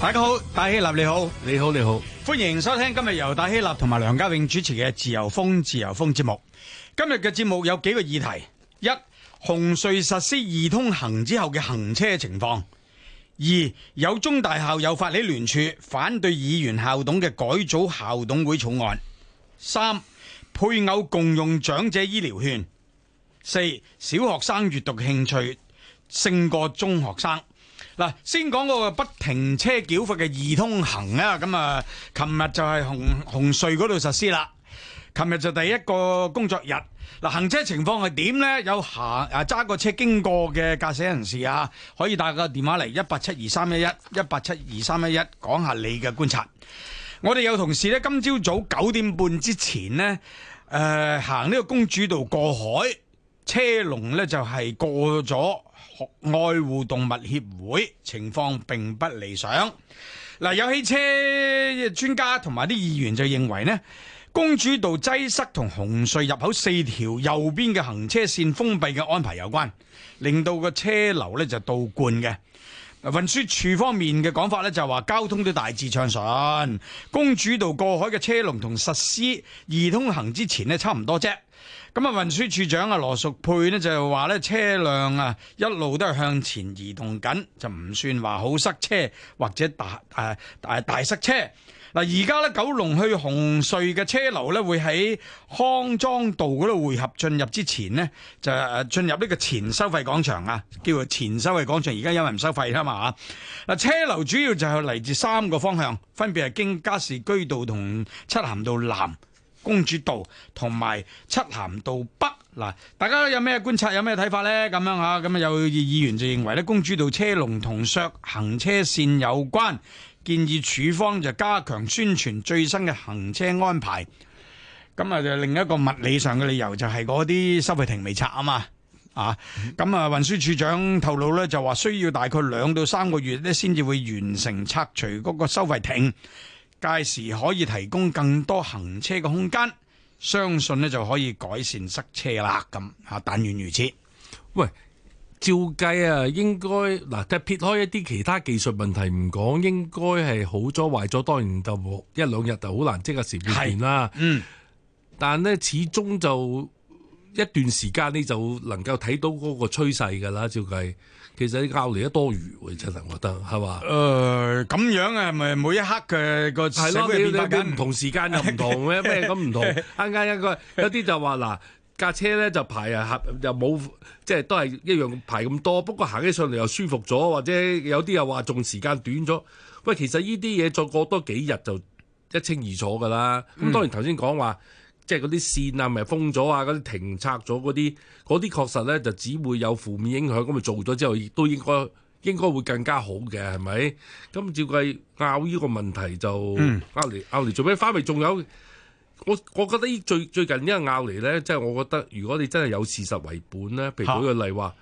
大家好，戴希立你好，你好你好，歡迎收聽今日由戴希立同埋梁家永主持嘅《自由風自由風》節目。今日嘅節目有幾個議題：一、紅隧實施易通行之後嘅行車情況；二、有中大校友發起聯署反對議員校董嘅改組校董會草案；三、配偶共用長者醫療券；四、小學生閱讀興趣勝過中學生。嗱，先講個不停車繳費嘅易通行啊！咁啊，琴日就係紅紅隧嗰度實施啦。琴日就第一個工作日，嗱、啊，行車情況係點呢？有行啊，揸個車經過嘅駕駛人士啊，可以打個電話嚟一八七二三一一一八七二三一一，講下你嘅觀察。我哋有同事呢，今朝早九點半之前呢，誒、呃，行呢個公主道過海，車龍呢，就係、是、過咗。愛護動物協會情況並不理想。嗱，有汽車專家同埋啲議員就認為呢，公主道擠塞同紅隧入口四條右邊嘅行車線封閉嘅安排有關，令到個車流呢就倒灌嘅。運輸處方面嘅講法咧就話，交通都大致暢順，公主道過海嘅車龍同實施易通行之前呢差唔多啫。咁啊，運輸處長啊，羅淑佩呢，就係話呢，車輛啊一路都係向前移動緊，就唔算話好塞車或者大誒、啊、大，大塞車。嗱，而家呢，九龍去紅隧嘅車流呢，會喺康莊道嗰度匯合進入之前呢，就誒進入呢個前收費廣場啊，叫做前收費廣場。而家因為唔收費啦嘛嚇，嗱，車流主要就係嚟自三個方向，分別係經加士居道同漆咸道南。公主道同埋漆咸道北嗱，大家有咩觀察，有咩睇法呢？咁樣吓，咁啊有議員就認為咧，公主道車龍同削行車線有關，建議署方就加強宣傳最新嘅行車安排。咁啊，就另一個物理上嘅理由就係嗰啲收費亭未拆啊嘛，啊，咁啊運輸署長透露呢就話需要大概兩到三個月咧先至會完成拆除嗰個收費亭。屆時可以提供更多行車嘅空間，相信咧就可以改善塞車啦。咁吓，但願如此。喂，照計啊，應該嗱，即係撇開一啲其他技術問題唔講，應該係好咗壞咗，當然就一兩日就好難即刻時變啦。嗯，但係咧始終就一段時間，你就能夠睇到嗰個趨勢噶啦，照計。其實你拗嚟都多餘喎，真係覺得係嘛？誒咁、呃、樣啊，咪每一刻嘅個社會變化緊，唔同時間又唔同嘅咩咁唔同。啱啱一個， 有啲就話嗱架車咧就排啊，又冇即係都係一樣排咁多，不過行起上嚟又舒服咗，或者有啲又話仲時間短咗。喂，其實呢啲嘢再過多幾日就一清二楚㗎啦。咁、嗯、當然頭先講話。即係嗰啲線啊，咪封咗啊，嗰啲停拆咗嗰啲，嗰啲確實咧就只會有負面影響。咁咪做咗之後，亦都應該應該會更加好嘅，係咪？咁照計拗呢個問題就拗嚟拗嚟，嗯、做咩？翻嚟仲有我，我覺得最最近個呢個拗嚟咧，即係我覺得如果你真係有事實為本咧，譬如舉個例話、啊，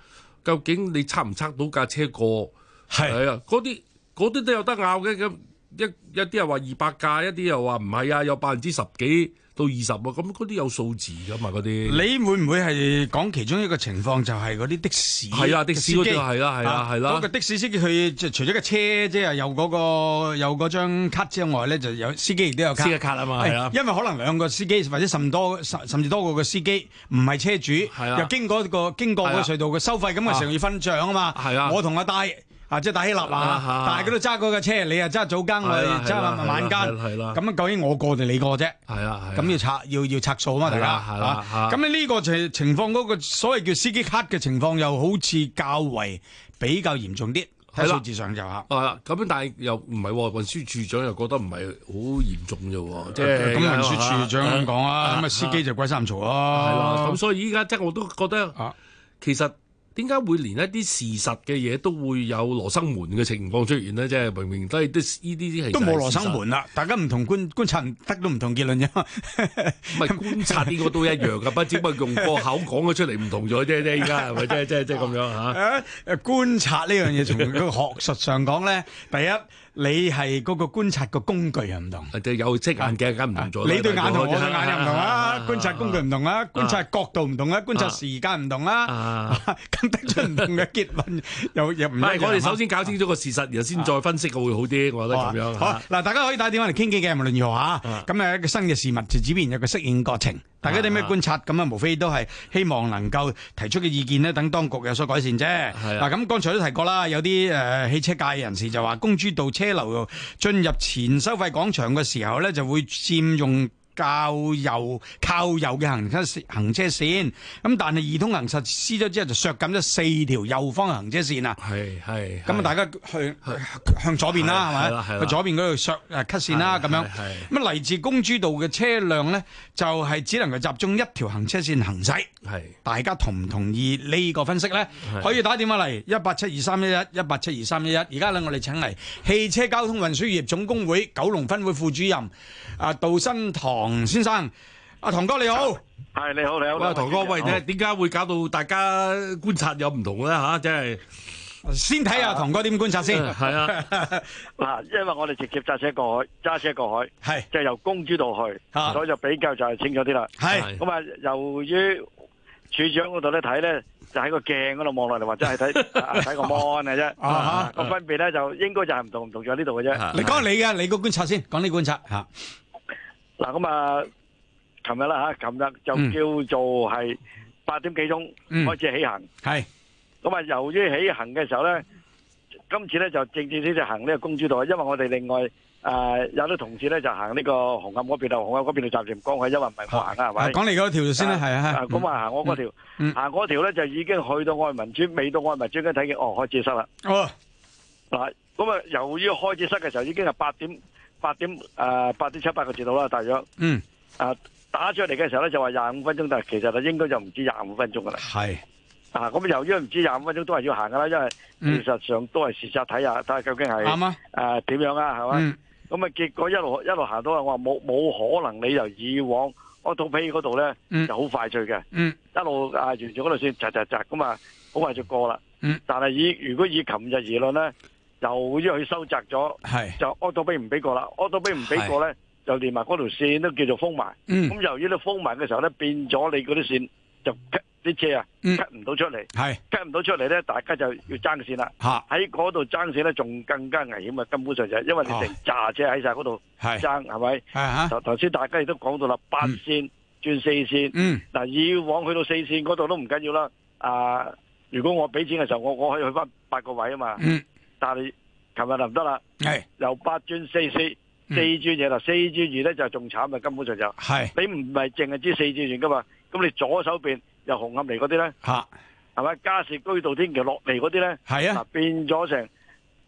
究竟你測唔測到架車過係啊？嗰啲嗰啲都有得拗嘅。咁一一啲又話二百架，一啲又話唔係啊，有百分之十幾。到二十喎，咁嗰啲有數字噶嘛？嗰啲你會唔會係講其中一個情況就係嗰啲的士的司機？係啊，的士嗰啲係啦，係、啊、啦，係啦、啊。嗰、啊啊嗰個的士司機佢除咗、嗰個車即係有嗰個有嗰張卡之外咧，就有司機亦都有卡。司嘅卡啊嘛，係啦、啊啊。因為可能兩個司機或者甚多甚甚至多個個司機唔係車主、啊，又經過、嗰個經過個隧道嘅收費咁啊，成日要分賬啊嘛。係啊，我同阿大。啊！即、就、係、是、大希臘啊，但係佢都揸嗰個車，你又揸早更，我揸晚更，咁啊，啊啊啊啊究竟我過定你過啫？係啊，咁、啊、要拆要要拆數啊嘛、啊，大家嚇。咁你呢個情情況嗰個所謂叫司機黑嘅情況，又好似較為比較嚴重啲，喺數字上就嚇、啊啊。啊，咁但係又唔係喎，運輸處長又、啊啊啊、覺得唔係好嚴重啫。即係咁，運輸處長咁講啊，咁啊司機就鬼殺咁嘈咯。係啦，咁所以依家即係我都覺得其實。點解會連一啲事實嘅嘢都會有羅生門嘅情況出現咧？即係明明這些就是都係都呢啲啲係都冇羅生門啦！大家唔同觀觀察，得都唔同結論啫。唔係觀察呢個都一樣㗎， 只不過用個口講咗出嚟唔同咗啫啫！依家係咪即係即係即係咁樣吓？誒、啊、觀察呢樣嘢，從學術上講咧， 第一。你係嗰個觀察個工具啊，唔同。對有即眼鏡梗唔同咗。你對眼同我對眼又唔同啦，觀察工具唔同啦，觀察角度唔同啦，觀察時間唔同啦。咁得出唔同嘅結論又又唔係。我哋首先搞清楚個事實，然後先再分析個會好啲，我覺得咁樣好。嗱，大家可以打電話嚟傾偈嘅，無論如何嚇。咁誒，一個新嘅事物就自然有個適應過程。大家有咩觀察咁啊？無非都係希望能夠提出嘅意見等當局有所改善啫。嗱，咁剛才都提過啦，有啲、呃、汽車界人士就話，公主道車流進入前收費廣場嘅時候呢，就會佔用，靠右靠右嘅行車行車線，咁但係易通行實施咗之後就削減咗四條右方嘅行車線啊！係係咁啊！大家去向左邊啦，係咪？去左邊嗰度削誒、呃、線啦，咁樣。咁啊，嚟自公主道嘅車輛呢，就係、是、只能夠集中一條行車線行駛。係大家同唔同意呢個分析呢？可以打電話嚟一八七二三一一一八七二三一一。而家咧，我哋請嚟汽車交通運輸業總工會九龍分會副主任，阿杜燊棠先生，阿唐哥你好，係，你好你好。阿唐哥，喂，點解會搞到大家觀察有唔同咧吓，即係先睇下唐哥點觀察先。係啊，嗱，因為我哋直接揸車過海，揸車過海，係即係由公主道去，所以就比較就係清楚啲啦。係咁啊，由於處長嗰度咧睇咧，就喺個鏡嗰度望落嚟，或者係睇睇個 mon 嘅啫。啊，個分別咧就應該就係唔同唔同咗呢度嘅啫。你講你嘅，你個觀察先，講啲觀察吓。嗱咁啊，琴日啦嚇，琴日就叫做係八點幾鐘開始起行。係咁啊，由於起行嘅時候咧，今次咧就正正式就行呢個公主道，因為我哋另外誒有啲同事咧就行呢個紅磡嗰邊啊，紅磡嗰邊就暫時唔講佢，因為唔係我行啊，係咪？講你嗰條先啦，係啊，咁啊行我嗰條，行我條咧就已經去到愛民村，未到愛民村已經睇見哦開始塞啦。哦，嗱咁啊，由於開始塞嘅時候已經係八點。八點誒，八點七八個字度啦，大約嗯啊打出嚟嘅時候咧就話廿五分鐘，但係其實啊應該就唔止廿五分鐘噶啦。係啊，咁由於唔知廿五分鐘都係要行噶啦，因為事實上都係事實睇下，睇下究竟係啱啊誒點樣啊係嘛，咁、嗯、啊結果一路一路行到啊，我話冇冇可能你由以往 Autopay 嗰度咧就好快脆嘅、嗯，一路啊沿住嗰度先窒窒窒咁啊好快就過啦、嗯。但係以如果以琴日而論咧。由於佢收窄咗，就屙到俾唔俾過啦。屙到俾唔俾過咧，就連埋嗰條線都叫做封埋。咁、嗯、由於咧封埋嘅時候咧，變咗你嗰啲線就 cut 啲車啊 cut 唔到出嚟。係 cut 唔到出嚟咧，大家就要爭線啦。喺嗰度爭線咧，仲更加危險啊！根本上就係、因為你成炸車喺晒嗰度爭，係、啊、咪？頭頭先大家亦都講到啦，八線轉、嗯、四線。嗱、嗯，以往去到四線嗰度都唔緊要啦。啊、呃，如果我俾錢嘅時候，我我可以去翻八個位啊嘛。嗯但係琴日就唔得啦，係由八轉四四四轉嘢啦，四轉、嗯、二咧就仲慘啊，根本上就係你唔係淨係知四轉二噶嘛，咁你左手邊由紅磡嚟嗰啲咧吓，係咪加士居道天橋落嚟嗰啲咧，係啊，變咗成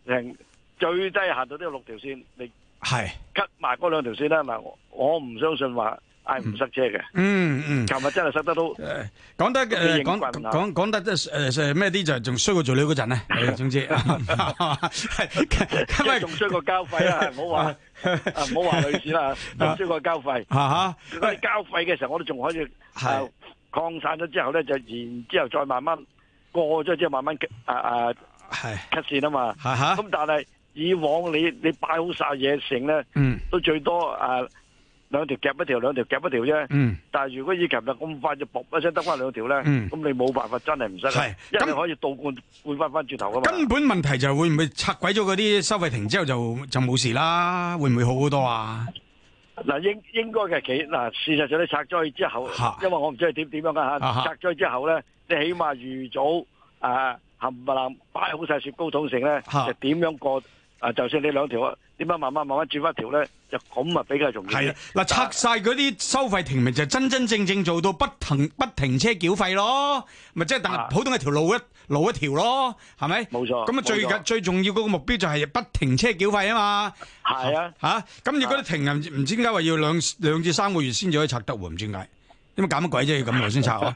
成最低限度都有六條線你條線，係 cut 埋嗰兩條線咧，咪我唔相信話。係唔塞車嘅？嗯嗯，琴日真係塞得到。誒、呃啊，講得嘅，講講講得即係誒咩啲就仲衰過做料嗰陣咧。係 啊，總之即係仲衰過交費啊。唔好話唔好話類似啦，仲衰過交費。嚇 嚇、啊，啊啊啊啊、交費嘅、啊啊、時候我哋仲可以誒、啊、擴散咗之後咧，就然之後再慢慢過咗之後慢慢激啊啊，cut 線啊嘛。咁、啊啊啊啊、但係以往你你擺好晒嘢成咧，嗯，都最多誒。啊嗯兩條夾一條，兩條夾一條啫。嗯。但係如果以前就咁快就仆一聲得翻兩條咧，咁、嗯、你冇辦法，真係唔使。係。一定可以倒灌，嗯、灌翻翻轉頭嘛。根本問題就係會唔會拆鬼咗嗰啲收費亭之後就就冇事啦？會唔會好好多啊？嗱、啊，應該應該嘅企，嗱、啊，事實上你拆咗去之後、啊，因為我唔知係點點樣噶吓、啊啊，拆咗去之後咧，你起碼預早誒冚唪唥擺好晒雪糕筒成咧，就點樣過。啊！就算呢兩條啊，點解慢慢慢慢轉翻條咧？就咁啊，比較重要。係啦、啊，嗱，拆晒嗰啲收費亭就真真正正做到不停不停車繳費咯。咪即係，但係普通一條路一路一條咯，係咪？冇錯。咁啊，最緊最重要嗰個目標就係不停車繳費啊嘛。係啊。吓、啊，咁你嗰啲停人唔、啊、知點解話要兩兩至三個月先至可以拆得喎？唔知點解。做乜搞乜鬼啫？要咁耐先拆 啊！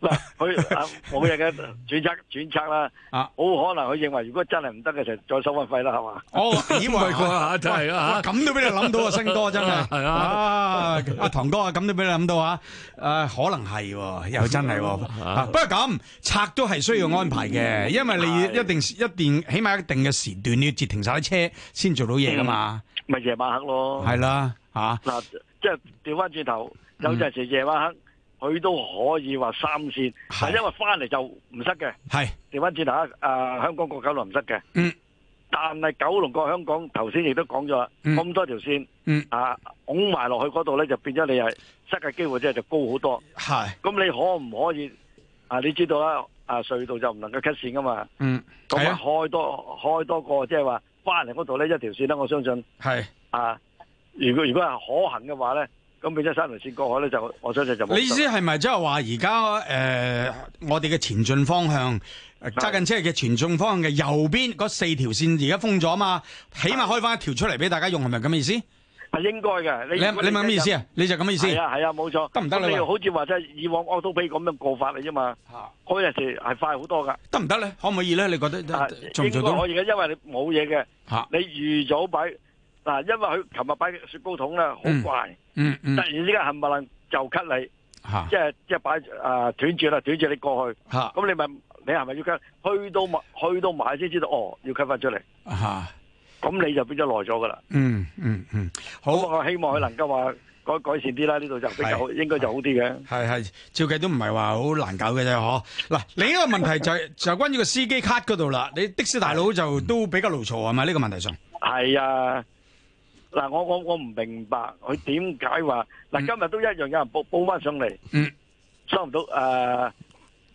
嗱，佢冇嘢嘅轉測轉測啦，啊，好可能佢認為如果真係唔得嘅就再收翻費啦，係嘛？哦，以為真係啊！咁都俾你諗到啊，燊哥真係啊！啊，阿、哎啊啊就係啊 啊啊、棠哥到啊，咁都俾你諗到啊！誒，可能係、啊、又真係、啊嗯，不過咁拆都係需要安排嘅、嗯，因為你一定一定起碼一定嘅時段，你要截停晒啲車先做到嘢㗎嘛。咪、就、夜、是、晚黑咯，係啦，嚇、啊、嗱、啊，即係調翻轉頭。有陣時夜晚黑佢都可以話三線，係，係因為翻嚟就唔塞嘅。係調翻轉頭啊、呃！香港過九龍唔塞嘅。嗯。但係九龍過香港，頭先亦都講咗啦，咁、嗯、多條線、嗯，啊，拱埋落去嗰度咧，就變咗你係塞嘅機會，即係就高好多。係。咁你可唔可以啊？你知道啦、啊，啊隧道就唔能夠 cut 線噶嘛。嗯。咁開多開、啊、多個，即係話翻嚟嗰度咧，一條線咧，我相信係啊。如果如果係可行嘅話咧。咁變咗三條線過海咧，就我相信就冇。你意思係咪即係話而家誒，我哋嘅前進方向揸緊、呃、車嘅前進方向嘅右邊嗰四條線而家封咗啊嘛？起碼開翻一條出嚟俾大家用，係咪咁嘅意思？係應該嘅。你你問、就、咩、是、意思啊？你就咁嘅意思。係啊係啊，冇錯。得唔得你好似話即係以往我都俾咁樣過法嚟啫嘛。嚇！嗰陣時係快好多噶。得唔得咧？可唔可以咧？你覺得？應該可以嘅，因為你冇嘢嘅。你預早擺嗱，因為佢琴日擺雪糕筒咧，好、嗯、怪。嗯嗯，突然之間冚唪唥就 cut 你，啊、即係即係擺誒斷住啦，斷、呃、住你過去，咁、啊、你咪你係咪要 cut？去到去到買先知道哦，要 cut 翻出嚟，咁、啊、你就變咗耐咗噶啦。嗯嗯嗯，好。我希望佢能夠話改改善啲啦，呢度就比較好就應該就好啲嘅。係係，照計都唔係話好難搞嘅啫，嗬。嗱，你呢個問題就係、就關於個司機 cut 嗰度啦。你的士大佬就都比較勞嘈係咪？呢、嗯、個問題上。係啊。嗱，我我我唔明白佢點解話，嗱，今日都一樣有人報報翻上嚟，收唔到誒、呃，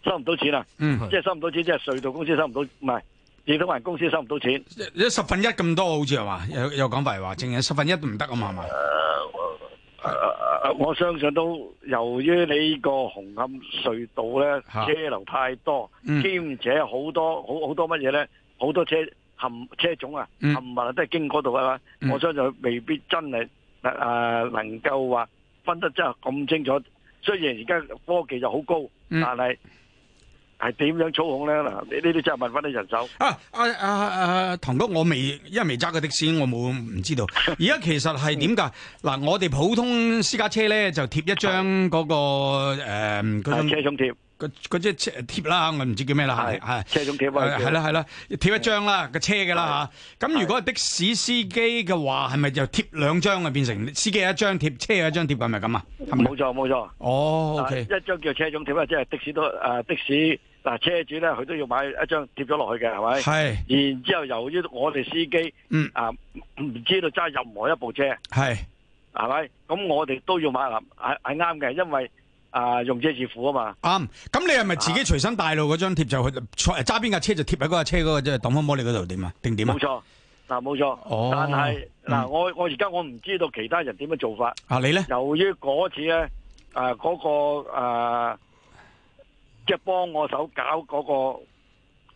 收唔到錢啊！嗯，即係收唔到錢，即係隧道公司收唔到，唔係，電通運公司收唔到錢。一十分一咁多好似係嘛？有有講法話，淨係十分一都唔得啊嘛係咪？我相信都由於你個紅磡隧道咧車流太多，兼、啊嗯、且好多好好多乜嘢咧，好多車。冚車種啊，冚物啊，都係經嗰度啊嘛，我相信未必真係啊能夠話分得真係咁清楚。雖然而家科技就好高，但係係點樣操控咧？嗱，你呢啲真係問翻啲人手。啊啊啊啊！棠哥，我未，因為未揸過的士，我冇，唔知道。而家其實係點㗎？嗱，我哋普通私家車咧，就貼一張嗰個誒、嗰張車種貼。隻車貼啦，我唔知叫咩啦，係係車種貼係啦係啦，貼一張啦，個車嘅啦吓。咁如果係的士司機嘅話，係咪就貼兩張啊？變成司機有一張貼，車有一張貼，係咪咁啊？冇錯冇錯，哦，O K，一張叫車種貼啊，即係的士都誒、啊、的士嗱、啊、車主咧，佢都要買一張貼咗落去嘅，係咪？係。然之後由於我哋司機嗯啊唔知道揸任何一部車係，係咪？咁我哋都要買，係係啱嘅，因為。啊，用車自付啊嘛！啱、啊，咁你係咪自己隨身帶路嗰張貼就去揸邊架車就貼喺嗰架車嗰個即係擋風玻璃嗰度點啊？定點啊？冇錯，嗱，冇錯。但係嗱，我我而家我唔知道其他人點樣做法。啊，你咧？由於嗰次咧，誒、啊，嗰、那個誒，即係幫我手搞嗰、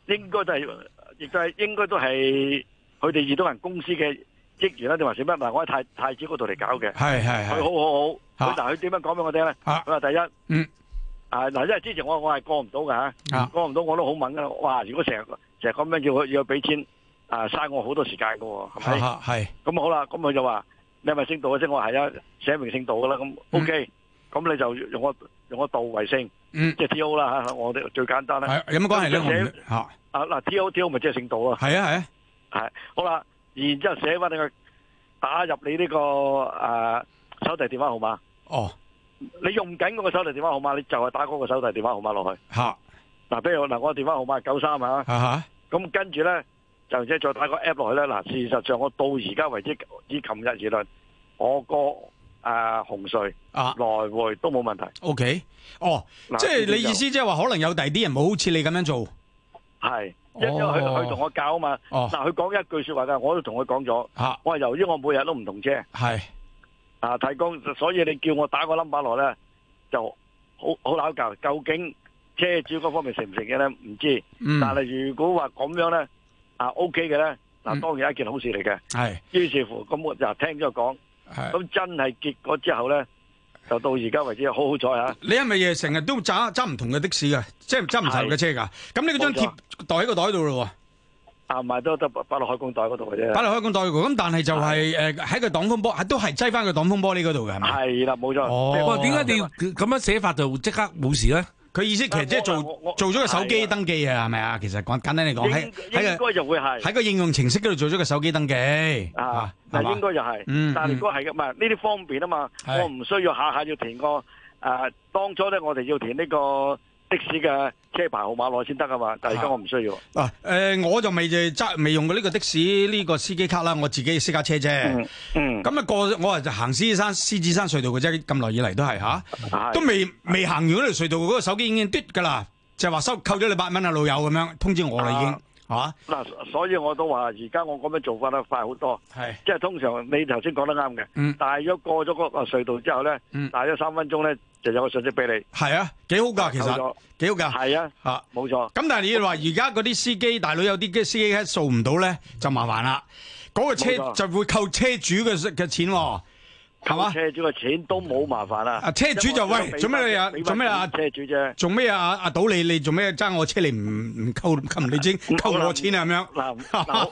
那個，應該就係、是、亦都係應該都係佢哋移動人公司嘅職員啦，定還是咩？嗱，我喺太太子嗰度嚟搞嘅。係係係。佢好好好。好好好佢嗱佢點樣講俾我聽咧？佢、啊、話第一，嗯，啊嗱，因為之前我我係過唔到㗎，吓、啊，過唔到我都好猛噶啦。哇！如果成日成日咁樣要我要俾錢，啊，嘥我好多時間噶，係咪？係。咁好啦，咁佢就話你係咪姓杜啊？即我係啊，寫明姓杜噶啦。咁 O K，咁你就用我用我杜為姓、嗯，即係 T O 啦吓。我哋最簡單呢，咁、啊、有乜關係咧？吓啊嗱、啊、，T O T O 咪即係姓杜啊。係啊係啊係、啊。好啦，然之後寫翻你去打入你呢、這個誒、啊、手提電話號碼。哦、oh.，你用緊嗰個手提電話號碼，你就係打嗰個手提電話號碼落去。吓，嗱，比如嗱，我電話號碼係九三啊，咁、uh -huh. 跟住咧，就即係再打個 app 落去咧。嗱，事實上我到而家為止，以琴日而論，我個誒、呃、紅隧、uh -huh. 來回都冇問題。O K，哦，即係你意思即係話可能有第二啲人冇好似你咁樣做，係、uh -huh.，因為佢佢同我教啊嘛。嗱，佢講一句說話噶，我都同佢講咗。吓、uh -huh.，我係由於我每日都唔同車。係、uh -huh.。啊！提供，所以你叫我打個 number 落咧，就好好拗撬。究竟車主嗰方面成唔成嘅咧，唔知、嗯。但係如果話咁樣咧，啊 OK 嘅咧，嗱、啊、當然係一件好事嚟嘅。係、嗯。於是乎，咁我就聽咗講，咁真係結果之後咧，就到而家為止，好好彩吓。你係咪嘢成日都揸揸唔同嘅的、的士噶？即係揸唔同嘅車噶？咁你嗰張貼袋喺個袋度咯。啊，唔係都得，擺落海工袋嗰度嘅啫。擺落海工袋，咁但係就係誒，喺個擋風玻，都係擠翻個擋風玻璃嗰度嘅，係嘛？係啦，冇錯。哦，點解你要咁樣寫法就即刻冇事咧？佢意思其實即係做做咗個手機登記啊，係咪啊？其實講簡單嚟講，喺喺個應該就會係喺個應用程式嗰度做咗個手機登記啊，係嘛？應該又係，但係應該係嘅，唔係呢啲方便啊嘛。我唔需要下下要填個誒，當初咧我哋要填呢個。的士嘅車牌號碼攞先得㗎嘛，但係而家我唔需要。嗱、啊，誒、啊呃，我就未就未用過呢個的士呢、這個司機卡啦，我自己私家車啫。嗯。咁啊過我就行獅子山獅子山隧道嘅啫，咁耐以嚟都係吓、啊啊，都未未行完嗰條隧道，嗰個手機已經嘟噶啦，就話收扣咗你八蚊啊，老友咁樣通知我啦已經，吓、啊？嗱、啊啊啊，所以我都話而家我咁樣做法咧快好多，係，即係通常你頭先講得啱嘅，嗯，大約過咗嗰個隧道之後咧、嗯，大約三分鐘咧。就有個信息俾你，係啊，幾好噶其實幾好噶，係啊，吓、啊，冇錯。咁但係你話而家嗰啲司機大佬，有啲嘅司機一掃唔到咧，就麻煩啦。嗰、嗰個車就會扣車主嘅嘅錢，係嘛？車主嘅錢都冇麻煩啦。啊，車主就主喂，做咩你啊？做咩啊？車主啫。做咩啊？阿、啊、阿、啊啊啊、你，你做咩爭我車你？你唔唔扣，扣唔到錢，扣，扣，扣，扣，扣我錢啊？咁樣嗱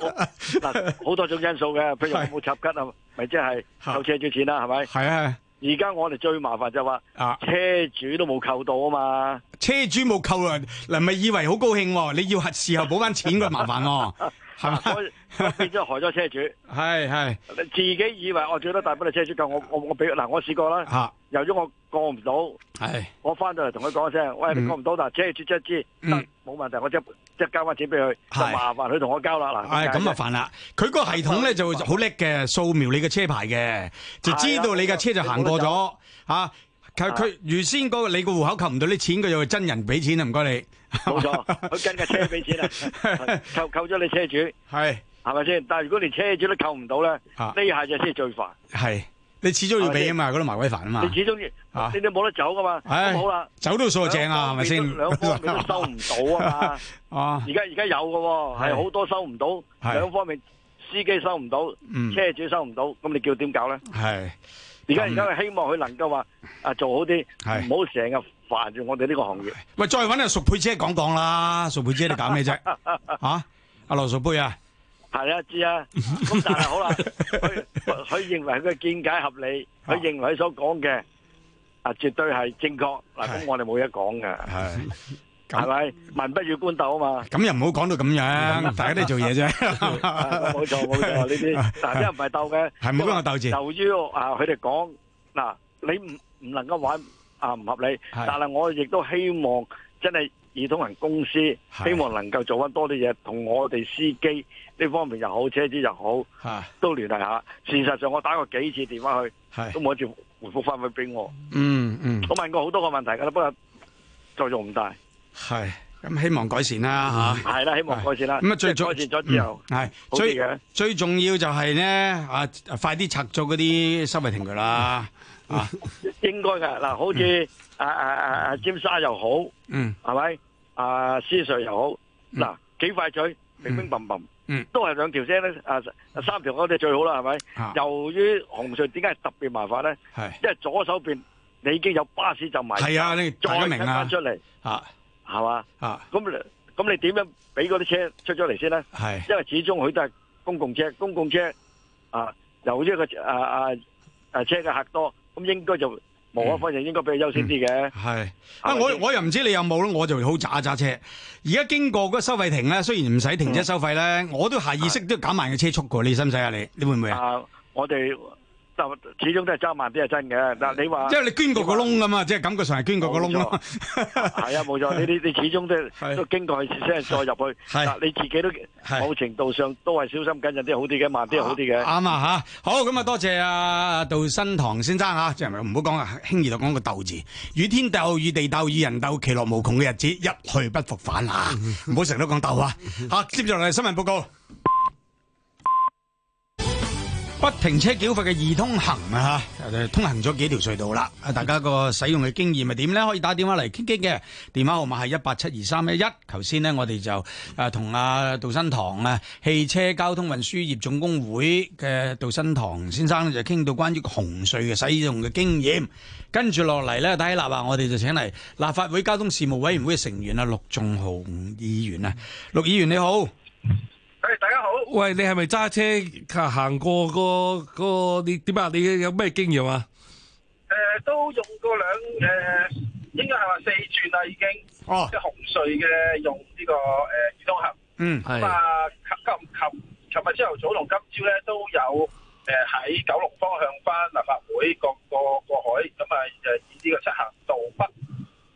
嗱，好多種因素嘅，譬如我冇插卡啊，咪即係扣車主錢啦？係咪？係啊。嗯啊嗯啊啊嗯啊啊啊而家我哋最麻煩就話、啊，車主都冇扣到啊嘛，車主冇扣啊，你咪以為好高興、啊，你要係事後補翻錢佢麻煩咯、啊。 係，我變咗害咗車主，係 係，你自己以為我最多大本嚟車主夠，我我我俾，嗱，我試過啦，由咗我過唔到，係，我翻到嚟同佢講一聲，喂，你過唔到但車主一支，得，嗯，冇問題，我即即交翻錢俾佢，就麻煩佢同我交啦，嗱，係咁麻煩啦，佢個系統咧就好叻嘅，掃描你嘅車牌嘅，就知道你嘅車就行過咗，吓，啊，佢佢原先嗰，那個你個戶口扣唔到啲錢，佢就會真人俾錢啊，唔該你。冇錯，佢跟架車俾錢啊，扣扣咗你車主係，係咪先？但係如果連車主都扣唔到咧，呢下就先係最煩。係，你始終要俾啊嘛，嗰度埋鬼煩啊嘛。你始終要，你都冇得走噶嘛。唉，好啦，走都數正啊，係咪先？兩方面都收唔到啊嘛。哦，而家而家有噶，係好多收唔到，兩方面司機收唔到，車主收唔到，咁你叫點搞咧？係，而家而家係希望佢能夠話啊做好啲，唔好成日。煩住我哋呢個行業，喂，再搵阿淑佩姐講講啦，淑佩姐你搞咩啫？啊，阿羅淑佩啊，係啊，知啊，咁但係好啦，佢佢認為佢嘅見解合理，佢認為佢所講嘅啊絕對係正確，嗱咁我哋冇嘢講噶，係係咪？民不與官鬥啊嘛，咁又唔好講到咁樣，大家都做嘢啫，冇錯冇錯，呢啲但係真唔係鬥嘅，係咪講個鬥字？由於啊，佢哋講嗱，你唔唔能夠玩。啊，唔合理！但係我亦都希望真係易通行公司，希望能夠做翻多啲嘢，同我哋司機呢方面又好，車子又好，都聯繫下。事實上，我打過幾次電話去，都冇接回覆翻去俾我。嗯嗯，我問過好多個問題噶啦，不過作用唔大。係咁、啊啊，希望改善啦吓。係、嗯、啦，希望改善啦。咁啊，改善咗之後，係、嗯、好啲最,最重要就係咧，啊，快啲拆咗嗰啲收費亭佢啦。嗯 該嗯、啊，應該嘅嗱，好似啊啊啊尖沙又好，嗯，係咪啊獅隧又好，嗱、嗯、幾快嘴，明明乓乓，嗯，都係兩條車咧，啊三條嗰啲最好啦，係咪、啊？由於紅隧點解特別麻煩咧？係，即係左手邊你已經有巴士就埋，係啊，你啊再出出嚟，啊，係嘛，啊，咁咁你點樣俾嗰啲車出咗嚟先咧？係，因為始終佢都係公共車，公共車啊，由於個啊啊車嘅客多。咁應該就無可否認就應該比較優先啲嘅。係、嗯，啊我我又唔知你有冇咯，我就好揸揸車。而家經過嗰收費亭咧，雖然唔使停車收費咧、嗯，我都下意識都減慢個車速嘅、嗯。你使唔使啊？你要要，你會唔會啊，我哋。始終都係揸慢啲係真嘅，但你話，即係你捐過個窿咁嘛？即係感覺上係捐過個窿咯。係啊，冇錯，你你你始終都都經過去先，再入去。你自己都某程度上都係小心謹慎啲好啲嘅，慢啲好啲嘅。啱啊吓，好咁啊，啊多謝啊杜燊棠先生嚇，即係唔好講啊，輕易就講個鬥字，與天鬥，與地鬥，與人鬥，其樂無窮嘅日子一去不復返啊！唔好成日都講鬥啊！吓，接住落嚟新聞報告。不停車繳費嘅易通行啊，通行咗幾條隧道啦，大家個使用嘅經驗係點呢？可以打電話嚟傾傾嘅，電話號碼係一八七二三一一。頭先呢，我哋就誒同阿杜燊棠啊，汽車交通運輸業總工會嘅杜燊棠先生就傾到關於紅隧嘅使用嘅經驗。跟住落嚟呢睇立啊，我哋就請嚟立法會交通事務委員會嘅成員啊，陸頌雄議員啊，陸議員你好。喂，大家好。喂，你係咪揸車行過個個你點啊？你有咩經驗啊？誒，都用過兩誒，應該係話四轉啦，已經。哦。即紅隧嘅用呢個誒，易通行。嗯。咁啊，今今今琴日朝頭早同今朝咧都有誒喺九龍方向翻立法會過過過海，咁啊誒呢個漆咸道北，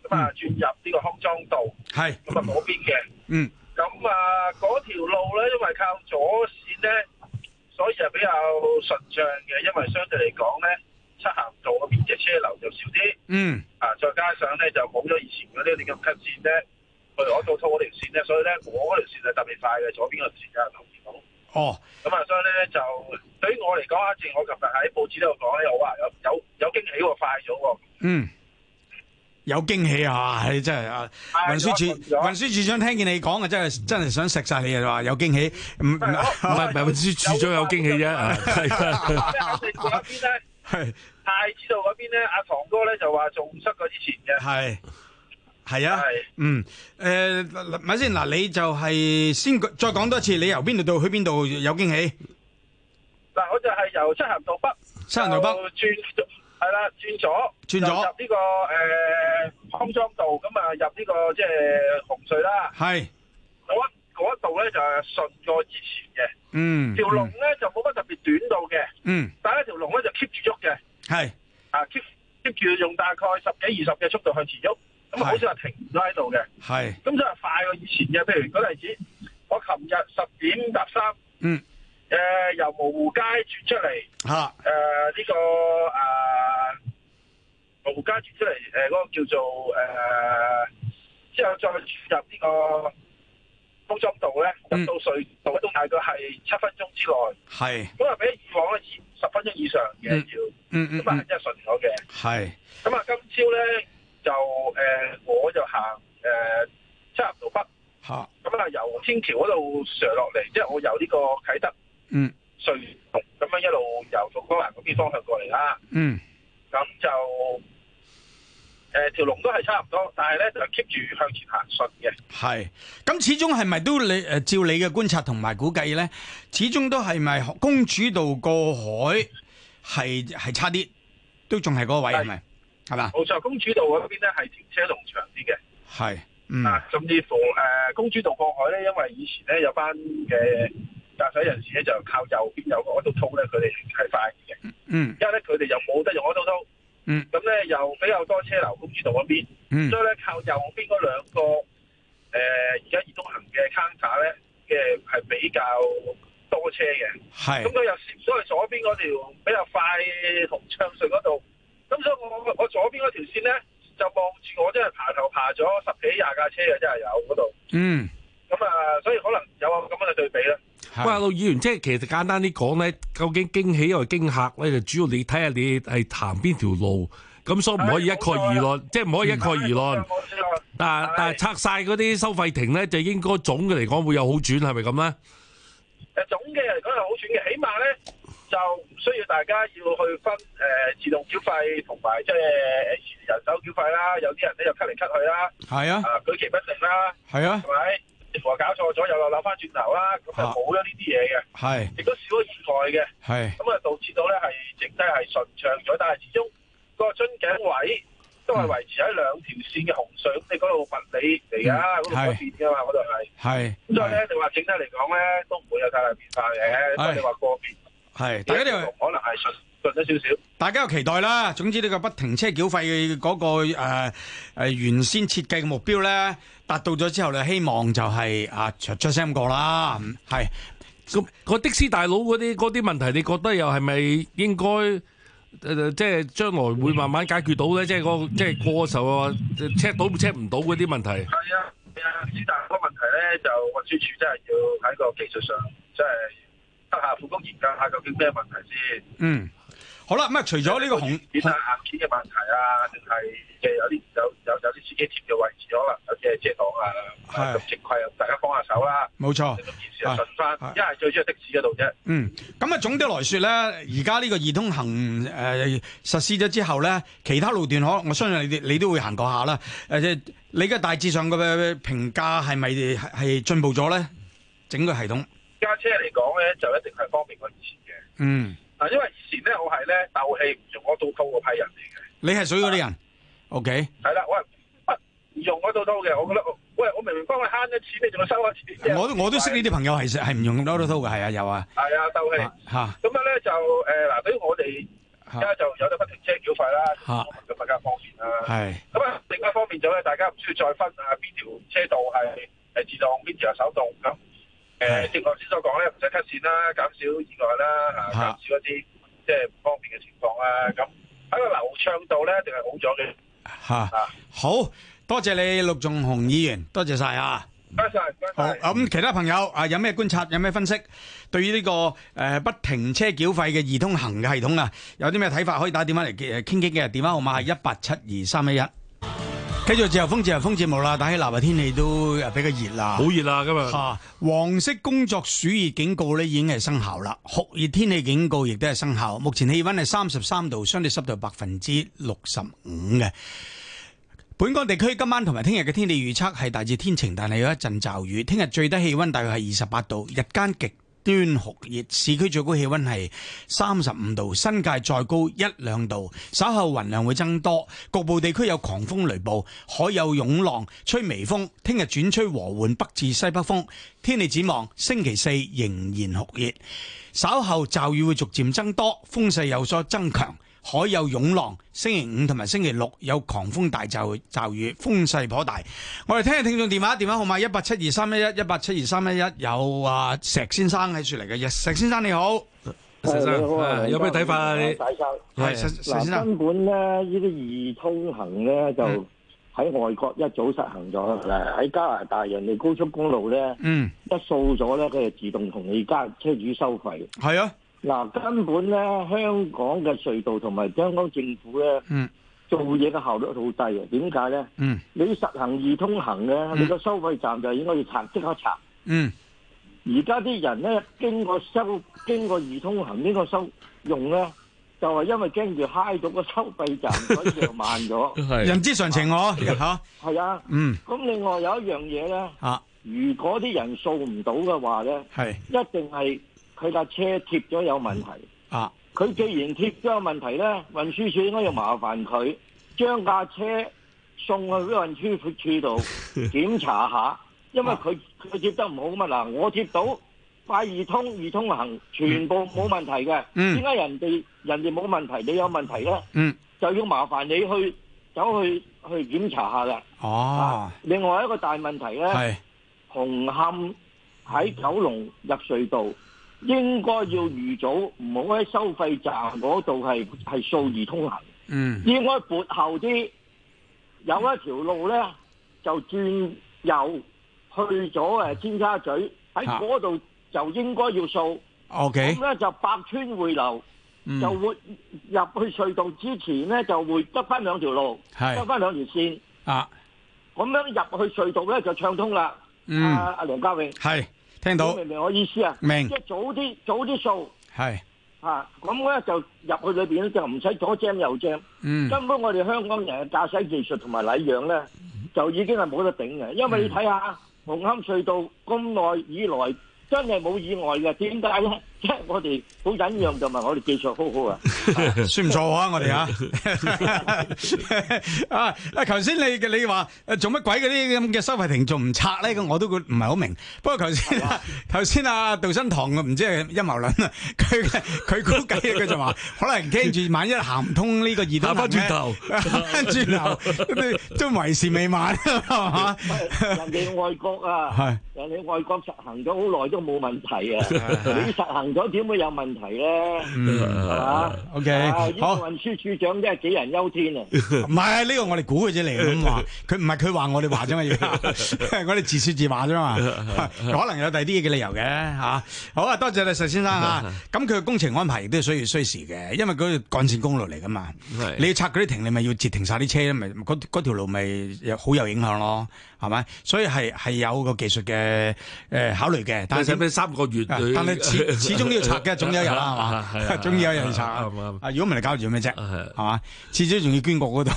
咁啊轉入呢個康莊道。係。咁啊嗰邊嘅。嗯。咁啊，嗰條路咧，因為靠左線咧，所以就比較順暢嘅，因為相對嚟講咧，出行左邊嘅車流就少啲。嗯、mm.。啊，再加上咧就冇咗以前嗰啲咁嘅急線咧，去我到通嗰條線咧，所以咧嗰條,條線就特別快嘅，左邊嗰線有人留意到。哦。咁啊，所以咧就對於我嚟講正如我琴日喺報紙度講咧，有有有驚喜喎，快咗喎。嗯、mm.。有驚喜啊，你真係啊，運輸處運輸處長聽見你講啊，真係真係想食晒你啊！話有驚喜，唔唔係運輸處長有驚喜啫。係太子道嗰邊呢？太子道嗰邊咧，阿、啊、唐哥咧就話仲塞過之前嘅。係係啊，嗯誒，咪先嗱，你就係先再講多次，你由邊度到去邊度有驚喜？嗱，我就係由七行道北，七行道北到係啦，轉咗，轉咗入呢個誒康莊道，咁啊入呢個即係紅隧啦。係，嗰嗰一度咧就係順過以前嘅。嗯，條龍咧就冇乜特別短到嘅。嗯，但係一條龍咧就 keep 住喐嘅。係，啊 keep keep 住用大概十幾二十嘅速度向前喐，咁啊好似話停咗喺度嘅。係，咁所以話快過以前嘅，譬如舉例子，我琴日十點踏三。嗯。誒、呃，由蕪湖街轉出嚟，吓、啊，誒、呃、呢、這個誒蕪、呃、湖街轉出嚟，誒、呃、嗰、那個叫做誒、呃、之後再轉入這個工道呢個公主道咧，入到隧道、嗯、都大概係七分鐘之內，係咁啊，那就比以往咧十分鐘以上嘅要，咁啊即係順咗嘅，係咁啊，那就今朝咧就誒、呃、我就行誒、呃、七十道北，吓、啊，咁啊由天橋嗰度上落嚟，即、就、係、是、我由呢個啟德。嗯，隧道龍咁樣一路由土瓜灣嗰邊方向過嚟啦。嗯，咁就誒條龍都係差唔多，但係咧就 keep 住向前行進嘅。係，咁始終係咪都你誒照你嘅觀察同埋估計咧？始終都係咪公、嗯啊呃、公主道過海係係差啲，都仲係嗰位係咪係嘛？冇錯，公主道嗰邊咧係停車龍長啲嘅。係，嗯，甚至乎誒公主道過海咧，因為以前咧有班嘅、嗯。駕駛人士咧就靠右邊有嗰度通咧，佢哋係快啲嘅。嗯，因為咧佢哋又冇得用嗰度通。嗯，咁咧又比較多車流，公主道嗰邊。嗯。所以咧靠右邊嗰兩個，誒而家易通行嘅卡架咧嘅係比較多車嘅。係。咁佢又攝咗喺左邊嗰條比較快同暢順嗰度。咁所以我我左邊嗰條線咧就望住我真係爬頭爬咗十幾廿架車嘅，真係有嗰度。嗯。議員即係其實簡單啲講咧，究竟驚喜或驚吓咧，就主要你睇下你係行邊條路，咁所以唔可以一概而論，即係唔可以一概而論。但但係拆晒嗰啲收費亭咧，就應該總嘅嚟講會有好轉，係咪咁咧？誒，總嘅嚟講係好轉嘅，起碼咧就唔需要大家要去分誒、呃、自動繳費同埋即係人手繳費啦，有啲人咧就 cut 嚟 cut 去啦，係啊、呃，舉棋不定啦，係啊，係咪？似乎話搞錯咗，又又扭翻轉頭啦，咁就冇咗呢啲嘢嘅，亦都少咗意外嘅，咁啊導致到咧係整體係順暢咗，但係始終個樽頸位都係維持喺兩條線嘅紅隧，即係嗰度物理嚟噶，嗰度嗰邊噶嘛，嗰度係，咁所以咧你話整體嚟講咧都唔會有太大變化嘅，所以你話個別。係，大家呢度可能係順順咗少少。大家有期待啦。總之呢個不停車繳費嗰個誒誒原先設計嘅目標咧，達到咗之後咧，希望就係啊，出出聲咁講啦。係咁個的士大佬嗰啲嗰啲問題，你覺得又係咪應該誒，即係將來會慢慢解決到咧？即係個即係過受啊，check 到 check 唔到嗰啲問題。係啊，的士大佬問題咧，就運輸署真係要喺個技術上，即係。得下，副攻研究下究竟咩問題先。嗯，好啦，咁啊，除咗呢個紅錢啊、黐嘅問題啊，定係即係有啲有有有啲自己貼嘅位置，可能有嘅即係啊誒咁整塊啊，大家幫一下手啦。冇錯，件事順翻，一係最主要的士嗰度啫。嗯，咁、嗯、啊，總的來說咧，而家呢個易通行誒、呃、實施咗之後咧，其他路段可我相信你你都會行過一下啦。誒、呃，你嘅大致上嘅評價係咪係進步咗咧？整個系統。架車嚟講咧，就一定係方便過以前嘅。嗯，嗱，因為以前咧，我係咧鬥氣唔用 Autotoll 嗰批人嚟嘅。你係屬於嗰啲人？O K，係啦，我係不用 Autotoll 嘅。我覺得喂，我明明幫佢慳咗錢，你仲要收我錢。我都我都識呢啲朋友係係唔用 Autotoll 嘅，係啊，有啊，係啊，鬥氣。吓咁啊咧就誒嗱，比如我哋而家就有得不停車繳費啦，就更加方便啦，係。咁啊，另一方面就咧，大家唔需要再分啊，邊條車道係係自動，邊條係手動咁。誒，正話先所講咧，唔使 cut 線啦，減少意外啦，吓減少一啲即係唔方便嘅情況啦。咁喺個流暢度咧，定係好咗嘅。吓，好多謝你陸頌雄議員，多謝晒啊！多謝，好咁，其他朋友啊，有咩觀察，有咩分析，對於呢個誒不停車繳費嘅易通行嘅系統啊，有啲咩睇法，可以打電話嚟誒傾傾嘅，電話號碼係一八七二三一一。繼續自由風自由風節目啦，睇下今日天氣都比較熱啦，好熱啦今日。啊，黃色工作暑熱警告呢已經係生效啦，酷熱天氣警告亦都係生效。目前氣溫係三十三度，相對濕度百分之六十五嘅。本港地區今晚同埋聽日嘅天氣預測係大致天晴，但係有一陣驟雨。聽日最低氣溫大約係二十八度，日間極。端酷熱，市區最高氣温係三十五度，新界再高一兩度。稍後雲量會增多，局部地區有狂風雷暴，海有湧浪，吹微風。聽日轉吹和緩北至西北風。天氣展望，星期四仍然酷熱，稍後驟雨會逐漸增多，風勢有所增強。海有湧浪，星期五同埋星期六有狂風大驟驟雨，風勢頗大。我哋聽下聽眾電話，電話號碼一八七二三一一一八七二三一一，有啊，石先生喺住嚟嘅。石先生你好，石生，有咩睇法啊？石先生。根本咧呢啲易通行咧就喺外國一早實行咗，嗱，喺加拿大人哋高速公路咧，一掃咗咧佢就自動同你家車主收費，係啊。嗱、啊，根本咧，香港嘅隧道同埋香港政府咧、嗯，做嘢嘅效率好低啊！點解咧？你要實行易通行嘅、嗯，你個收費站就應該要查，即刻查。嗯，而家啲人咧經過收，經過易通行呢個收用咧，就係、是、因為驚住嗨到個收費站， 所以就慢咗。係人之常情，我、啊、吓。係啊，嗯。咁另外有一樣嘢咧，如果啲人數唔到嘅話咧，係一定係。佢架車貼咗有問題啊！佢既然貼咗有問題呢，運輸署應該要麻煩佢將架車送去運輸署度檢查下，因為佢佢貼得唔好嘛。嗱，我貼到快二通二通行全部冇問題嘅，點解人哋人哋冇問題你有問題呢？嗯，就要麻煩你去走去去檢查下啦。哦、啊，另外一個大問題呢，係紅磡喺九龍入隧道。應該要預早，唔好喺收費站嗰度係係掃易通行。嗯，應該撥後啲，有一條路咧就轉右去咗誒，尖沙咀喺嗰度就應該要掃。O K，咁咧就百川匯流、嗯、就會入去隧道之前咧就會得翻兩條路，得翻兩條綫。啊，咁樣入去隧道咧就暢通啦。嗯，阿、啊、梁家榮係。聽到，明唔明我意思啊？明，即係早啲早啲掃係吓，咁咧就入去裏邊咧就唔使左 jam 右 jam，根本我哋香港人嘅駕駛技術同埋禮讓咧就已經係冇得頂嘅，因為你睇下紅磡隧道咁耐以來真係冇意外嘅，點解咧？即係 我哋好隱約，就問我哋技術好好啊， 算唔錯啊，我哋啊啊！ 啊，頭先你你話做乜鬼啲咁嘅收費亭仲唔拆咧？咁我都唔係好明。不過頭先頭先阿杜燊棠唔知係陰謀論啊，佢佢估計佢就話可能驚住萬一行唔通呢個二通，打翻轉頭，翻轉頭都都為時未晚，係人哋外國啊，人哋外國實行咗好耐都冇問題啊，啊，你實行。唔好點會有問題咧？嚇、嗯啊、OK、啊、好。運輸署長真係杞人憂天啊！唔係呢個我，啊、我哋估嘅啫。嚟咁話。佢唔係佢話我哋話啫嘛，我哋自說自話啫嘛。可能有第二啲嘅理由嘅嚇。好啊，多謝你，石先生啊。咁 佢工程安排亦都係需要需時嘅，因為佢幹線公路嚟噶嘛。 你要拆嗰啲停，你咪要截停晒啲車，咪嗰條路咪好有影響咯。係咪？所以係係有個技術嘅誒考慮嘅。但係使唔使三個月？但係始始終都要拆嘅，總有一日啦，係 嘛？總有一日拆。啱啊，如果唔係搞住咩啫？係嘛？始終仲要捐過嗰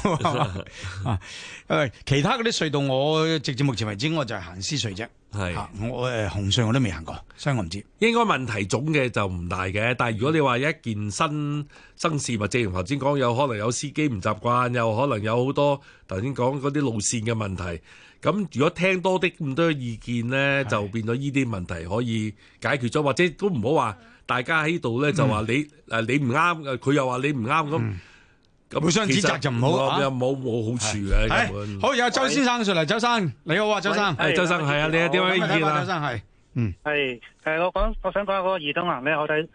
度，啊， 其他嗰啲隧道我，我直至目前為止我就係行獅隧啫。係我誒紅隧我都未行過，所以我唔知應該問題總嘅就唔大嘅。但係如果你話一件新新事物，正如頭先講，有可能有司機唔習慣，又可能有好多頭先講嗰啲路線嘅問題。咁如果聽多啲咁多意見咧，就變咗呢啲問題可以解決咗，或者都唔好話大家喺度咧就話你，誒你唔啱，佢又話你唔啱咁，咁互相指責就唔好嚇，又冇冇好處嘅。好，有周先生上嚟，周生你好啊，周生。誒，周生係啊，你點樣意見啊？周生係，嗯係誒，我講我想講下嗰個易通行咧，海底誒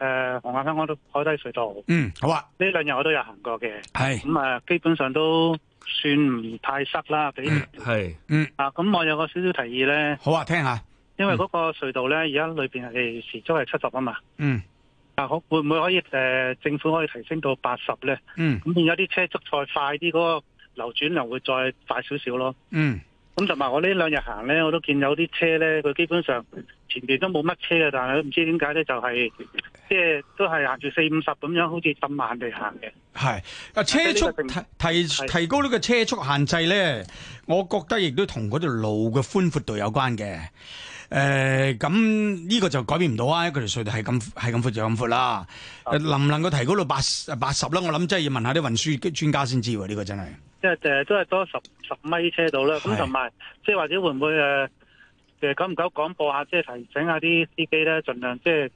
紅磡香港都海底隧道。嗯，好啊，呢兩日我都有行過嘅，係咁啊，基本上都。算唔太塞啦，俾係嗯，嗯啊咁，我有個少少提議咧。好啊，聽下。因為嗰個隧道咧，而家裏面係時速係七十啊嘛。嗯。啊好，會唔會可以誒、呃、政府可以提升到八十咧？嗯。咁而家啲車速再快啲，嗰、嗰個流轉又會再快少少咯。嗯。咁同埋我兩呢兩日行咧，我都見有啲車咧，佢基本上前面都冇乜車嘅，但係都唔知點解咧，就係即係都係行住四五十咁樣，好似咁慢地行嘅。係啊，車速提提提高呢個車速限制咧，我覺得亦都同嗰條路嘅寬闊度有關嘅。誒、呃，咁呢個就改變唔到啊，一條隧道係咁係咁闊就咁闊啦。能唔能夠提高到八八十咧？我諗真係要問下啲運輸專家先知喎、啊，呢、呢個真係。即係誒，都係多十十米車道啦。咁同埋，即係或者會唔會誒誒，久唔久廣播下，即係提醒下啲司機咧，盡量即係。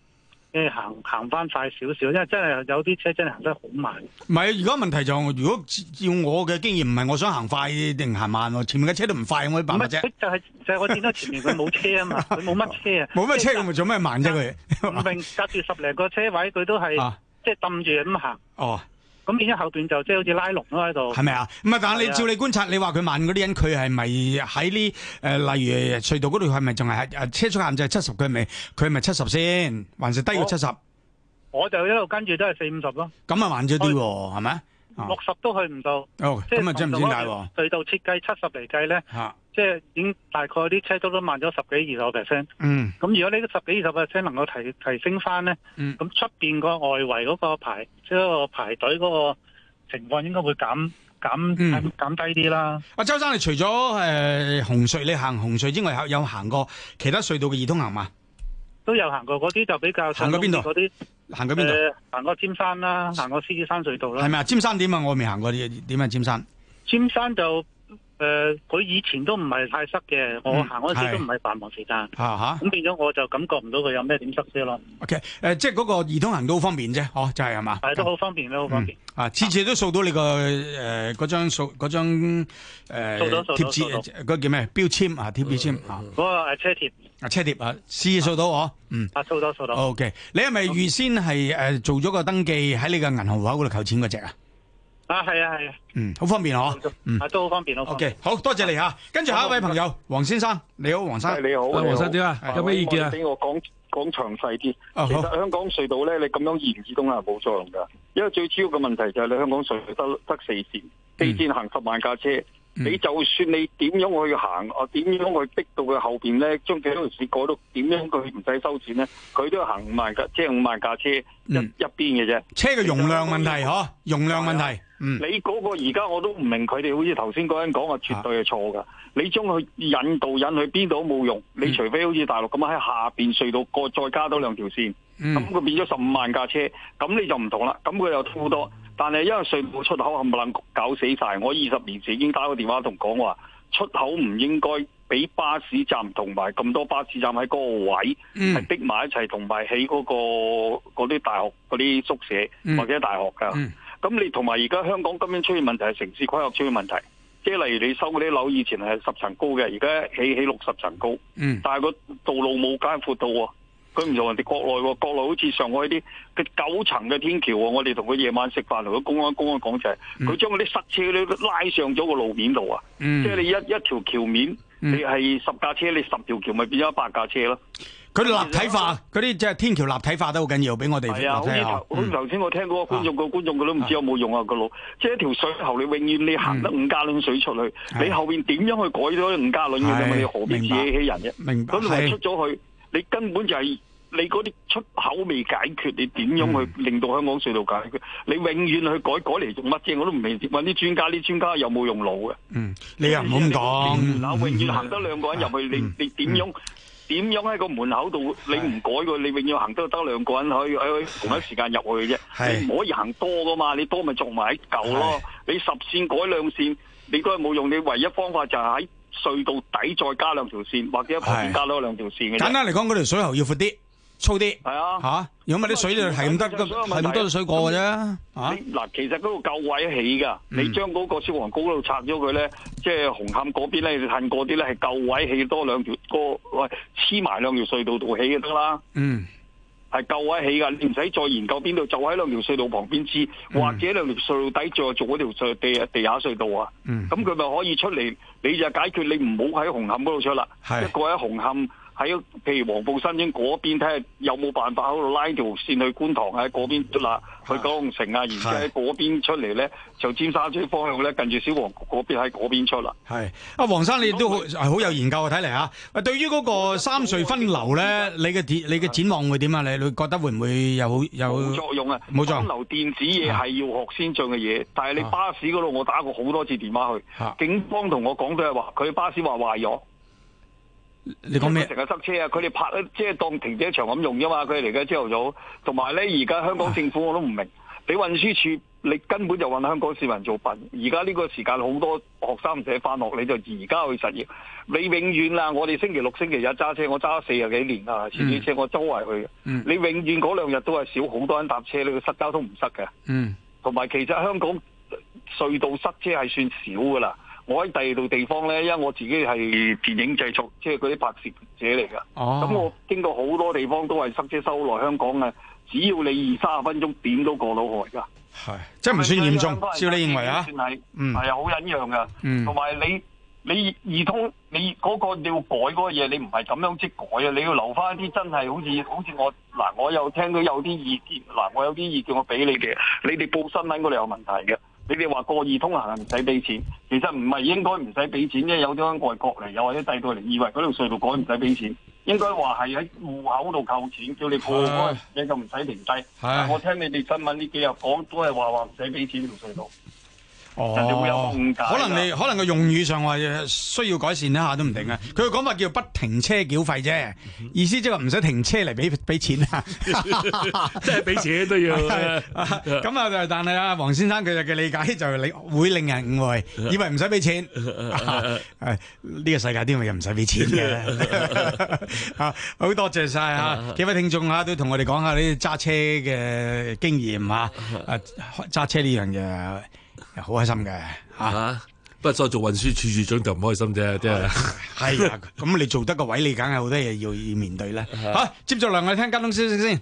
行行翻快少少，因為真係有啲車真係行得好慢。唔係、而家，如果問題就如果要我嘅經驗，唔係我想行快定行慢喎，前面嘅車都唔快，我有乜辦法啫？佢就係、是、就係、是、我見到前面佢冇車啊嘛，佢冇乜車啊，冇乜車，佢做咩慢啫？佢明明隔住十零個車位，佢都係即係抌住咁行。哦。咁變咗後邊就即係好似拉龍咯喺度，係咪啊？唔係，但係你照你觀察，你話佢慢嗰啲人，佢係咪喺呢？誒、呃，例如隧道嗰度係咪仲係車速限制係七十？佢係咪佢係咪七十先，還是低過七十？我就一路跟住都係四五十咯。咁啊慢咗啲喎，係咪六十都去唔到，啊？哦，咁啊真係唔掂大喎。隧道設計七十嚟計咧嚇。啊即係已經大概啲車速都慢咗十幾二十個 percent。嗯。咁如果呢個十幾二十個 percent 能夠提提升翻咧，咁出邊個外圍嗰個排，即係個排隊嗰個情況，應該會減減減低啲啦。啊，周生，你除咗誒紅隧你行紅隧之外有，有行過其他隧道嘅易通行嘛？都有行過嗰啲，就比較行過邊度啲？行過邊度、呃？行過尖山啦，行過獅子山隧道啦。係咪啊？尖山點啊？我未行過啲點啊？尖山尖山就。誒、呃，佢以前都唔係太塞嘅，我行嗰陣時都唔係繁忙時間啊吓，咁、嗯、變咗我就感覺唔到佢有咩點塞車咯。OK，誒、呃，即係嗰個易通行都好方便啫。哦，就係係嘛，係都好方便咯，好方便啊，次次都掃到你個誒嗰張掃嗰張誒貼紙，嗰個叫咩？標籤啊，貼標籤嗰個誒車貼啊，車貼啊，次次掃到我，嗯，啊掃到掃到。OK，你係咪預先係誒、呃、做咗個登記喺你個銀行戶口度扣錢嗰隻啊？啊，係啊，係啊,啊，嗯，好方便嗬，嗯，都好方便咯。O、okay. K，好多謝你吓、啊，跟住下一位朋友黃、啊、先生，你好，黃生，你好，黃生點啊？有咩意見啊？俾我講講詳細啲。其實香港隧道咧，你咁樣延至東行冇作用噶、哦，因為最主要嘅問題就係你香港隧道得得四線，四線行十萬架車、嗯，你就算你點樣去行，哦，點樣去逼到佢後邊咧，將幾多條線改到點樣佢唔使收錢咧，佢都要行五萬架車、即係，五、就是、萬架車一、嗯、一邊嘅啫，車嘅容量問題嗬、嗯，容量問題。嗯、你嗰個而家我都唔明，佢哋好似頭先嗰陣講話，絕對係錯㗎、啊。你將佢引導引去邊度都冇用，你、嗯、除非好似大陸咁啊，喺下面隧道過再加多兩條線，咁、嗯、佢變咗十五萬架車，咁你就唔同啦。咁佢又疏多，多，但係因為隧道出口冚唪唥搞死晒。我二十年前已經打過電話同講話，出口唔應該俾巴士站同埋咁多巴士站喺嗰個位係逼埋一齊，同埋喺嗰個嗰啲大學嗰啲宿舍、嗯、或者大學㗎。嗯嗯咁你同埋而家香港今年出現問題係城市規劃出現問題，即係例如你收嗰啲樓以前係十層高嘅，而家起起六十層高，但係個道路冇加闊到喎，佢唔同人哋國內喎，國內好似上海啲佢九層嘅天橋喎，我哋同佢夜晚食飯同佢公安公安講就係，佢將嗰啲塞車都拉上咗個路面度啊，即、嗯、係、就是、你一一條橋面。嗯、你係十架車，你十條橋咪變咗八架車咯。佢立體化，嗰啲即係天橋立體化都好緊要，俾我哋聽下。係啊，好似好頭先我聽嗰個觀眾個觀眾佢都唔知有冇用啊個腦、啊。即係一條水喉，你永遠你行得五加侖水出去，啊、你後邊點樣去改咗五加侖嘅嘢？啊就是、你何必自欺欺人啫？明白。咁你咪出咗去、啊，你根本就係、是。你嗰啲出口未解決，你點樣去令到香港隧道解決？嗯、你永遠去改改嚟做乜啫？我都唔明白。問啲專家，啲專家有冇用腦嘅？嗯，你又唔好咁講嗱，永遠行得兩個人入去，嗯、你你點樣點樣喺個門口度、嗯？你唔改過你永遠行得得兩個人可以可以喺去，去同一時間入去啫。你唔可以行多噶嘛？你多咪做埋喺舊咯？你十線改兩線，你都係冇用。你唯一方法就係喺隧道底再加兩條線，或者旁邊加多兩條線嘅。簡單嚟講，嗰條水喉要闊啲。粗啲係啊，吓、啊、有咪啲水咧係唔得，係咁多到水果嘅啫。嗱，其實嗰個夠位起噶，你將嗰個消防高度拆咗佢咧，即係紅磡嗰邊咧，你趁嗰啲咧係夠位起多兩條，個喂黐埋兩條隧道度起就得啦。嗯，係夠位起噶，你唔使、嗯、再研究邊度，就喺兩條隧道旁邊黐、嗯，或者兩條隧道底再做嗰條地地下隧道啊。嗯，咁佢咪可以出嚟，你就解決，你唔好喺紅磡嗰度出啦。係一個喺紅磡。喺譬如黃埔新村嗰邊睇下，有冇辦法喺度拉條線去觀塘喺嗰邊，嗱，去九龍城啊，然之後喺嗰邊出嚟咧，就尖沙咀方向咧，近住小黃嗰邊喺嗰邊出啦。係啊，黃生你都好係好有研究啊，睇嚟吓，對於嗰個三隧分流咧，你嘅展你嘅展望會點啊？你你覺得會唔會有有作用啊？冇錯，分流電子嘢係要學先進嘅嘢，但係你巴士嗰度，我打過好多次電話去，警方同我講都係話，佢巴士話壞咗。你講咩？成日塞車啊！佢哋拍咧，即係當停車場咁用啫嘛。佢哋嚟嘅朝頭早，同埋咧，而家香港政府我都唔明，你運輸署你根本就運香港市民做笨。而家呢個時間好多學生唔使返學，你就而家去實施。你永遠啦，我哋星期六星期日揸車，我揸四十幾年啊。私家車我周圍去。嗯。你永遠嗰兩日都係少好多人搭車，你個塞交通唔塞嘅。嗯。同埋，其實香港隧道塞車係算少噶啦。我喺第二度地方咧，因為我自己係電影製作，即係嗰啲拍攝者嚟噶。哦，咁我經過好多地方都係塞車收來香港嘅，只要你二三十分鐘，點都過到去㗎。係，即係唔算嚴重。照你認為啊，算係，係啊，好忍讓噶。嗯，同埋、嗯、你你，你二通你嗰、嗰個你要改嗰個嘢，你唔係咁樣即改啊，你要留翻一啲真係好似好似我嗱，我又聽到有啲意見嗱，我有啲意見我俾你嘅。你哋報新聞嗰度有問題嘅。你哋話過易通行係唔使俾錢，其實唔係，應該唔使俾錢。因為有啲外國嚟，又或者第到嚟，以為嗰條隧道改唔使俾錢，應該話係喺戶口度扣錢，叫你破開，你就唔使停低。係我聽你哋新聞呢幾日講，都係話話唔使俾錢條隧道。會有哦，可能你可能個用語上話需要改善一下都唔定啊。佢嘅講法叫不停車繳費啫，意思即係唔使停車嚟，俾俾錢啊，即係俾錢都要。咁啊，但係啊，黃先生，佢嘅理解就令會令人誤會，以為唔使俾錢。呢 個世界啲咪又唔使俾錢嘅。啊，好多謝晒啊！幾位聽眾啊，都同我哋講下啲揸車嘅經驗啊，誒，揸車呢樣嘢。好開心嘅吓、啊啊，不過做運輸處處長就唔開心啫，即啊，咁、哎、 你做得個位，你梗係好多嘢要要面對呢、啊！好，接住梁，我哋聽交通消息先。